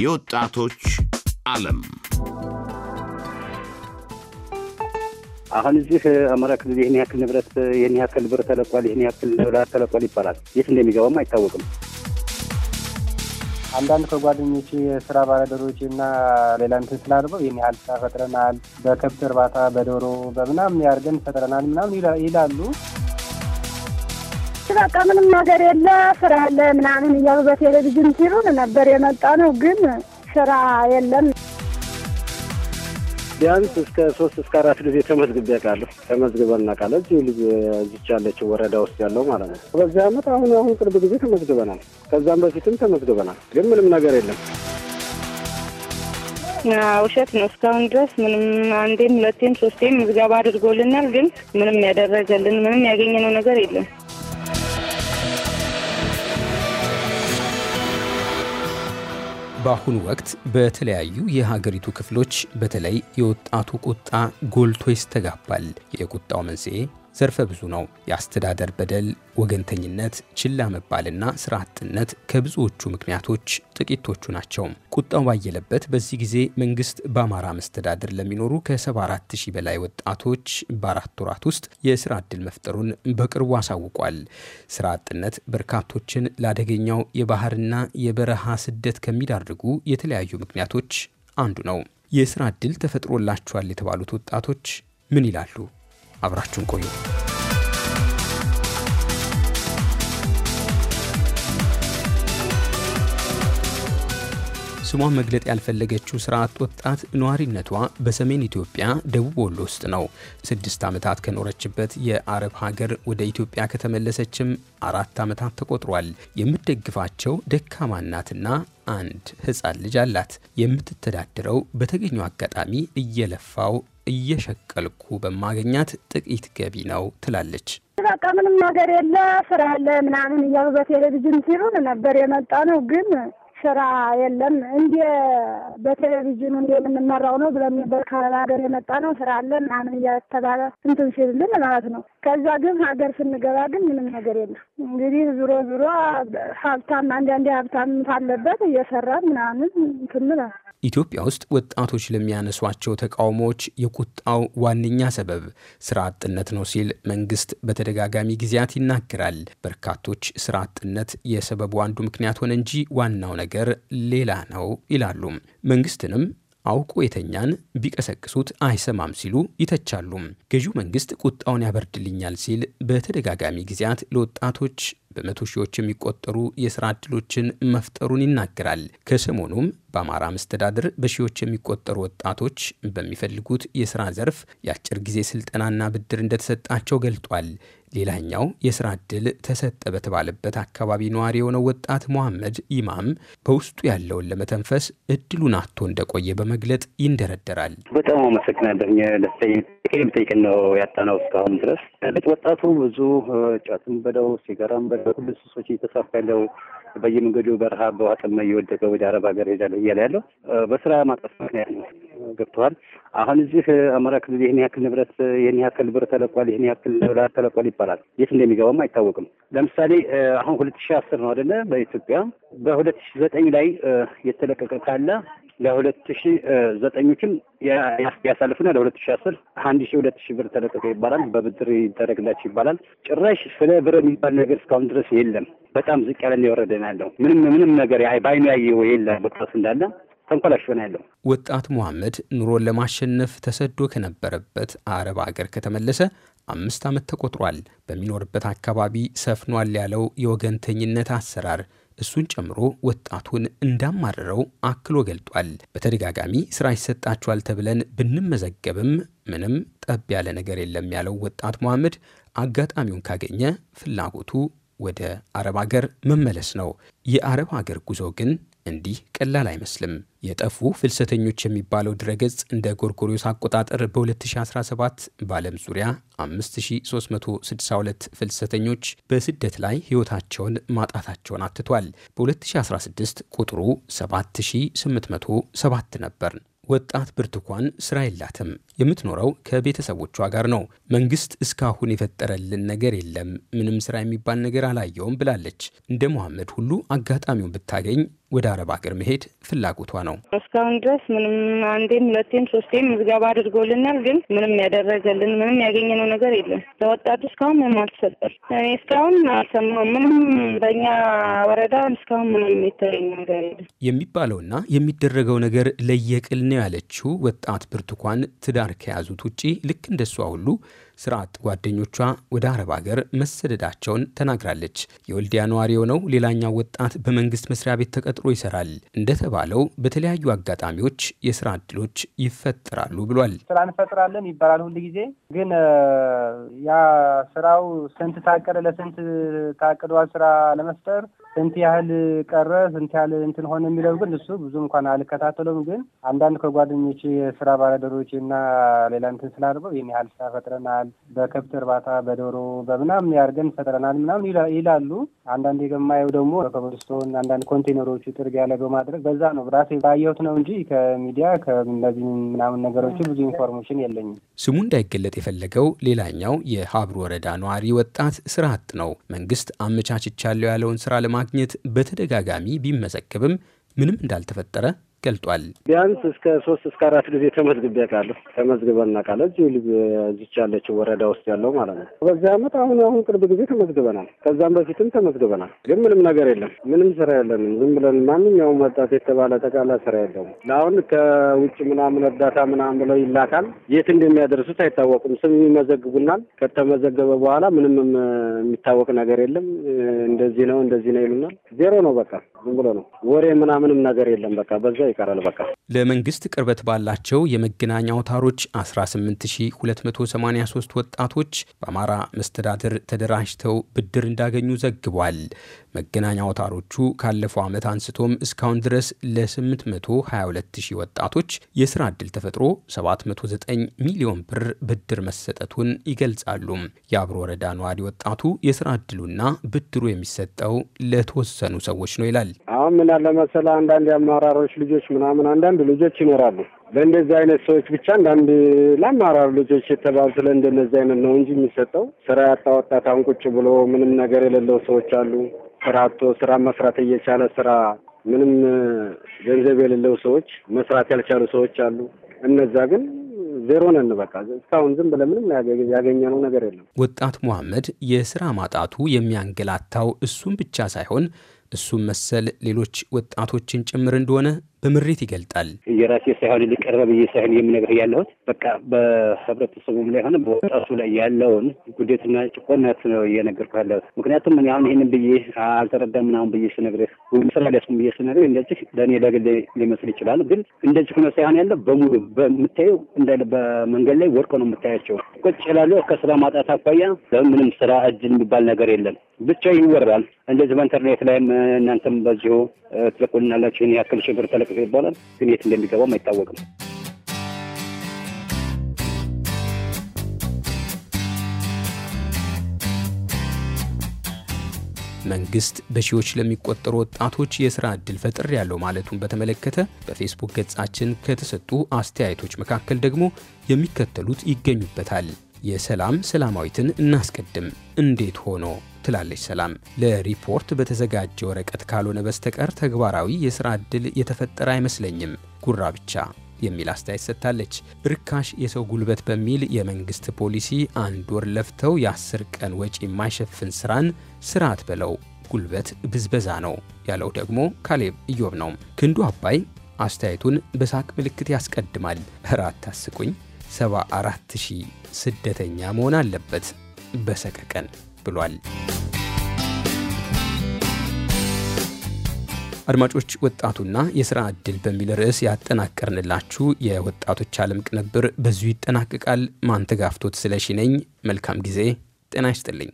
የወጣቶች ዓለም አሁን እዚህ አማራ ክልል ይህን ያክል ንብረት ይህን ያክል ብር ተለቋል፣ ይህን ያክል ዶላር ተለቋል ይባላል። የት እንደሚገባም አይታወቅም። አንዳንድ ከጓደኞች የስራ ባለደሮች እና ሌላ እንትን ስላልበው ይህን ያህል ስራ ፈጥረናል፣ በከብት እርባታ በዶሮ በምናምን ያርገን ፈጥረናል ምናምን ይላሉ። በቃ ምንም ነገር የለ ስራ አለ ምናምን እያሉ በቴሌቪዥን ሲሉን ነበር የመጣ ነው። ግን ስራ የለም። ቢያንስ እስከ ሶስት እስከ አራት ጊዜ ተመዝግቤ አውቃለሁ። ተመዝግበን እናውቃለን። እዚህ ልጅ እዚች ያለችው ወረዳ ውስጥ ያለው ማለት ነው። በዚህ አመት አሁን አሁን ቅርብ ጊዜ ተመዝግበናል። ከዛም በፊትም ተመዝግበናል። ግን ምንም ነገር የለም። ውሸት ነው። እስካሁን ድረስ ምንም አንዴም፣ ሁለቴም፣ ሶስቴም ምዝገባ አድርጎልናል። ግን ምንም ያደረገልን ምንም ያገኘነው ነገር የለም። በአሁኑ ወቅት በተለያዩ የሀገሪቱ ክፍሎች በተለይ የወጣቱ ቁጣ ጎልቶ ይስተጋባል። የቁጣው መንስኤ ዘርፈ ብዙ ነው። የአስተዳደር በደል፣ ወገንተኝነት፣ ችላ መባልና ስራ አጥነት ከብዙዎቹ ምክንያቶች ጥቂቶቹ ናቸው። ቁጣው ባየለበት በዚህ ጊዜ መንግስት በአማራ መስተዳድር ለሚኖሩ ከ74 ሺህ በላይ ወጣቶች በአራት ወራት ውስጥ የስራ ዕድል መፍጠሩን በቅርቡ አሳውቋል። ስራ አጥነት በርካቶችን ላደገኛው የባህርና የበረሃ ስደት ከሚዳርጉ የተለያዩ ምክንያቶች አንዱ ነው። የስራ ዕድል ተፈጥሮላቸዋል የተባሉት ወጣቶች ምን ይላሉ? አብራችሁን ቆዩ። ስሟን መግለጥ ያልፈለገችው ስርዓት ወጣት ነዋሪነቷ በሰሜን ኢትዮጵያ ደቡብ ወሎ ውስጥ ነው። ስድስት ዓመታት ከኖረችበት የአረብ ሀገር ወደ ኢትዮጵያ ከተመለሰችም አራት ዓመታት ተቆጥሯል። የምትደግፋቸው ደካማናትና አንድ ህፃን ልጅ አላት። የምትተዳድረው በተገኘው አጋጣሚ እየለፋው እየሸቀልኩ በማገኛት ጥቂት ገቢ ነው ትላለች። በቃ ምንም ነገር የለ ስራ አለ ምናምን እያሉ በቴሌቪዥን ሲሉን ነበር የመጣ ነው ግን ስራ የለም። እንደ በቴሌቪዥኑ እንደምንመራው ነው ብለ በካላ ሀገር የመጣ ነው ስራ አለ ምናምን እያተባለ እንትን ሲልልን ማለት ነው። ከዛ ግን ሀገር ስንገባ ግን ምንም ነገር የለም። እንግዲህ ዙሮ ዙሮ ሀብታም አንዳንዴ ሀብታም ካለበት እየሰራ ምናምን ትምል ኢትዮጵያ ውስጥ ወጣቶች ለሚያነሷቸው ተቃውሞዎች የቁጣው ዋነኛ ሰበብ ስራ አጥነት ነው ሲል መንግስት በተደጋጋሚ ጊዜያት ይናገራል። በርካቶች ስራ አጥነት የሰበቡ አንዱ ምክንያት ሆነ እንጂ ዋናው ነገር ነገር ሌላ ነው ይላሉ። መንግስትንም አውቆ የተኛን ቢቀሰቅሱት አይሰማም ሲሉ ይተቻሉ። ገዢው መንግስት ቁጣውን ያበርድልኛል ሲል በተደጋጋሚ ጊዜያት ለወጣቶች በመቶ ሺዎች የሚቆጠሩ የስራ ዕድሎችን መፍጠሩን ይናገራል። ከሰሞኑም በአማራ መስተዳድር በሺዎች የሚቆጠሩ ወጣቶች በሚፈልጉት የስራ ዘርፍ የአጭር ጊዜ ስልጠናና ብድር እንደተሰጣቸው ገልጧል። ሌላኛው የስራ ዕድል ተሰጠ በተባለበት አካባቢ ነዋሪ የሆነው ወጣት ሞሐመድ ኢማም በውስጡ ያለውን ለመተንፈስ እድሉን አቶ እንደቆየ በመግለጥ ይንደረደራል። በጣም አመሰግናለሁ። ጠይቅን ነው ያጣነው እስካሁን ድረስ ወጣቱ ብዙ ጫትም በለው ሲጋራም በለው ሁሉ ሱሶች እየተሳፋ ያለው በየመንገዱ በረሃብ በዋጥመ እየወደቀ ወደ አረብ ሀገር ሄዳለሁ እያለ ያለው በስራ ማጣት ምክንያት ነው። ገብተዋል አሁን እዚህ አማራ ክልል ይህን ያክል ንብረት ይህን ያክል ብር ተለቋል፣ ይህን ያክል ዶላር ተለቋል ይባላል። የት እንደሚገባም አይታወቅም። ለምሳሌ አሁን ሁለት ሺ አስር ነው አደለ? በኢትዮጵያ በሁለት ሺ ዘጠኝ ላይ የተለቀቀ ካለ ለሁለት ሺ ዘጠኞችም ያሳልፉና ለሁለት ሺ አስር አንድ ሺ ሁለት ሺ ብር ተለቀቀ ይባላል። በብድር ይደረግላቸው ይባላል። ጭራሽ ስለ ብር የሚባል ነገር እስካሁን ድረስ የለም። በጣም ዝቅ ያለን የወረደን ያለው ምንም ምንም ነገር በአይኑ ያየው የለም። ቦታስ እንዳለ ተንኮላሽሆነ ያለው ወጣት መሐመድ ኑሮን ለማሸነፍ ተሰዶ ከነበረበት አረብ አገር ከተመለሰ አምስት ዓመት ተቆጥሯል። በሚኖርበት አካባቢ ሰፍኗል ያለው የወገንተኝነት አሰራር እሱን ጨምሮ ወጣቱን እንዳማረረው አክሎ ገልጧል። በተደጋጋሚ ስራ ይሰጣችኋል ተብለን ብንመዘገብም ምንም ጠብ ያለ ነገር የለም ያለው ወጣት መሐመድ አጋጣሚውን ካገኘ ፍላጎቱ ወደ አረብ አገር መመለስ ነው። የአረብ አገር ጉዞ ግን እንዲህ ቀላል አይመስልም። የጠፉ ፍልሰተኞች የሚባለው ድረገጽ እንደ ጎርጎሪዮስ አቆጣጠር በ2017 በዓለም ዙሪያ 5362 ፍልሰተኞች በስደት ላይ ሕይወታቸውን ማጣታቸውን አትቷል። በ2016 ቁጥሩ 7807 ነበር። ወጣት ብርቱካን ስራ የላትም። የምትኖረው ከቤተሰቦቿ ጋር ነው። መንግስት እስካሁን የፈጠረልን ነገር የለም፣ ምንም ስራ የሚባል ነገር አላየውም ብላለች። እንደ መሐመድ ሁሉ አጋጣሚውን ብታገኝ ወደ አረብ ሀገር መሄድ ፍላጎቷ ነው። እስካሁን ድረስ ምንም አንዴም፣ ሁለቴም፣ ሶስቴም ምዝገባ አድርጎልናል፣ ግን ምንም ያደረገልን ምንም ያገኘነው ነገር የለም። ለወጣቱ እስካሁን ምንም አልተሰጠም። እኔ እስካሁን አልሰማሁም። ምንም በእኛ ወረዳ እስካሁን ምንም የተለየ ነገር የለም። የሚባለውና የሚደረገው ነገር ለየቅል ነው ያለችው ወጣት ብርቱካን ትዳር ከያዙት ውጪ ልክ እንደሷ ሁሉ ስራ አጥ ጓደኞቿ ወደ አረብ ሀገር መሰደዳቸውን ተናግራለች። የወልዲያ ነዋሪ የሆነው ሌላኛው ወጣት በመንግስት መስሪያ ቤት ተቀጥሮ ይሰራል። እንደተባለው በተለያዩ አጋጣሚዎች የስራ እድሎች ይፈጠራሉ ብሏል። ስራ እንፈጥራለን ይባላል ሁል ጊዜ ግን ያ ስራው ስንት ታቀደ ለስንት ታቅዷል ስራ ለመፍጠር ስንት ያህል ቀረ ስንት ያህል እንትን ሆነ የሚለው ግን እሱ ብዙ እንኳን አልከታተለውም። ግን አንዳንድ ከጓደኞች የስራ ባለደሮች እና ሌላ እንትን ስላደረገው ይህን ያህል ስራ ፈጥረናል በከብት እርባታ በዶሮ በምናምን ያርገን ፈጥረናል ምናምን ይላሉ። አንዳንድ የገማየው ደግሞ በኮብልስቶን አንዳንድ ኮንቴነሮቹ ጥርግ ያለ በማድረግ በዛ ነው ራሴ ባየሁት ነው እንጂ ከሚዲያ ከእነዚህ ምናምን ነገሮች ብዙ ኢንፎርሜሽን የለኝም። ስሙ እንዳይገለጥ የፈለገው ሌላኛው የሀብሩ ወረዳ ነዋሪ ወጣት ስራ አጥ ነው። መንግስት አመቻችቻለሁ ያለውን ስራ ለማግኘት በተደጋጋሚ ቢመዘገብም ምንም እንዳልተፈጠረ ገልጧል። ቢያንስ እስከ ሶስት እስከ አራት ጊዜ ተመዝግቤ አውቃለሁ። ተመዝግበን እናውቃለን። እዚች ያለችው ወረዳ ውስጥ ያለው ማለት ነው። በዚህ ዓመት አሁን አሁን ቅርብ ጊዜ ተመዝግበናል። ከዛም በፊትም ተመዝግበናል። ግን ምንም ነገር የለም። ምንም ስራ የለንም። ዝም ብለን ማንኛውም ወጣት የተባለ ጠቃላ ስራ የለውም። አሁን ከውጭ ምናምን እርዳታ ምናምን ብለው ይላካል። የት እንደሚያደርሱት አይታወቁም ስም ይመዘግቡናል። ከተመዘገበ በኋላ ምንም የሚታወቅ ነገር የለም። እንደዚህ ነው እንደዚህ ነው ይሉናል። ዜሮ ነው በቃ ዝም ብሎ ነው። ወሬ ምናምንም ነገር የለም። በቃ በዛ ይቀራል። በቃ ለመንግስት ቅርበት ባላቸው የመገናኛ አውታሮች 18283 ወጣቶች በአማራ መስተዳድር ተደራጅተው ብድር እንዳገኙ ዘግቧል። መገናኛ አውታሮቹ ካለፈው ዓመት አንስቶም እስካሁን ድረስ ለ822000 ወጣቶች የስራ ዕድል ተፈጥሮ 709 ሚሊዮን ብር ብድር መሰጠቱን ይገልጻሉ። የአብሮ ወረዳ ነዋሪ ወጣቱ የስራ ዕድሉና ብድሩ የሚሰጠው ለተወሰኑ ሰዎች ነው ይላል። አሁን ምን መሰለህ አንዳንድ የአመራሮች ልጆች ተማሪዎች ምናምን አንዳንድ ልጆች ይኖራሉ። ለእንደዚህ አይነት ሰዎች ብቻ አንዳንድ ለአማራር ልጆች ስለ እንደነዚህ አይነት ነው እንጂ የሚሰጠው ስራ ያጣ ወጣት አሁን ቁጭ ብሎ ምንም ነገር የሌለው ሰዎች አሉ። ስራ አቶ ስራ መስራት እየቻለ ስራ ምንም ገንዘብ የሌለው ሰዎች መስራት ያልቻሉ ሰዎች አሉ። እነዛ ግን ዜሮ ነን። በቃ እስካሁን ዝም ብለ ምንም ያገኘነው ነገር የለም። ወጣት መሐመድ የስራ ማጣቱ የሚያንገላታው እሱም ብቻ ሳይሆን እሱም መሰል ሌሎች ወጣቶችን ጭምር እንደሆነ በምሬት ይገልጣል። የራሴ ሳይሆን ሊቀረብ ሳይሆን የምነግርህ ያለሁት በቃ በህብረተሰቡም ላይ ሆነ በወጣቱ ላይ ያለውን ጉዴትና ጭቆነት ነው እየነገርኩህ ያለሁት። ምክንያቱም እኔ አሁን ይህንን ብዬ አልተረዳም ምናምን ብዬ ስነግርህ ወይም ስራ ሊያስኩም ብዬ ስነግርህ እንደዚህ ለእኔ ለግል ሊመስል ይችላል። ግን እንደዚህ ሆነ ሳይሆን ያለ በሙሉ በምታየው እንዳለ በመንገድ ላይ ወድቆ ነው የምታያቸው። ቁጭ ይላሉ። ከስራ ማጣት አኳያ ምንም ስራ እጅ የሚባል ነገር የለም። ብቻ ይወራል እንደዚህ በኢንተርኔት ላይም እናንተም በዚሁ ትለቁልናላችሁ ይህን ያክል ሺህ ተለቀቀ ይባላል። ግን የት እንደሚገባም አይታወቅም። መንግስት በሺዎች ለሚቆጠሩ ወጣቶች የስራ ዕድል ፈጥር ያለው ማለቱን በተመለከተ በፌስቡክ ገጻችን ከተሰጡ አስተያየቶች መካከል ደግሞ የሚከተሉት ይገኙበታል። የሰላም ሰላማዊትን እናስቀድም። እንዴት ሆኖ ትላለች ሰላም። ለሪፖርት በተዘጋጀ ወረቀት ካልሆነ በስተቀር ተግባራዊ የሥራ ዕድል የተፈጠረ አይመስለኝም፣ ጉራ ብቻ የሚል አስተያየት ሰጥታለች። ርካሽ የሰው ጉልበት በሚል የመንግስት ፖሊሲ አንድ ወር ለፍተው የአስር ቀን ወጪ የማይሸፍን ስራን ስርዓት በለው ጉልበት ብዝበዛ ነው ያለው ደግሞ ካሌብ እዮብ ነው። ክንዱ አባይ አስተያየቱን በሳቅ ምልክት ያስቀድማል። ራት ታስቁኝ 74 ሺህ ስደተኛ መሆን አለበት በሰቀቀን ብሏል። አድማጮች ወጣቱና የስራ ዕድል በሚል ርዕስ ያጠናቀርንላችሁ የወጣቶች ዓለም ቅንብር በዚሁ ይጠናቀቃል። ማንተጋፍቶት ስለሺ ነኝ። መልካም ጊዜ። ጤና ይስጥልኝ።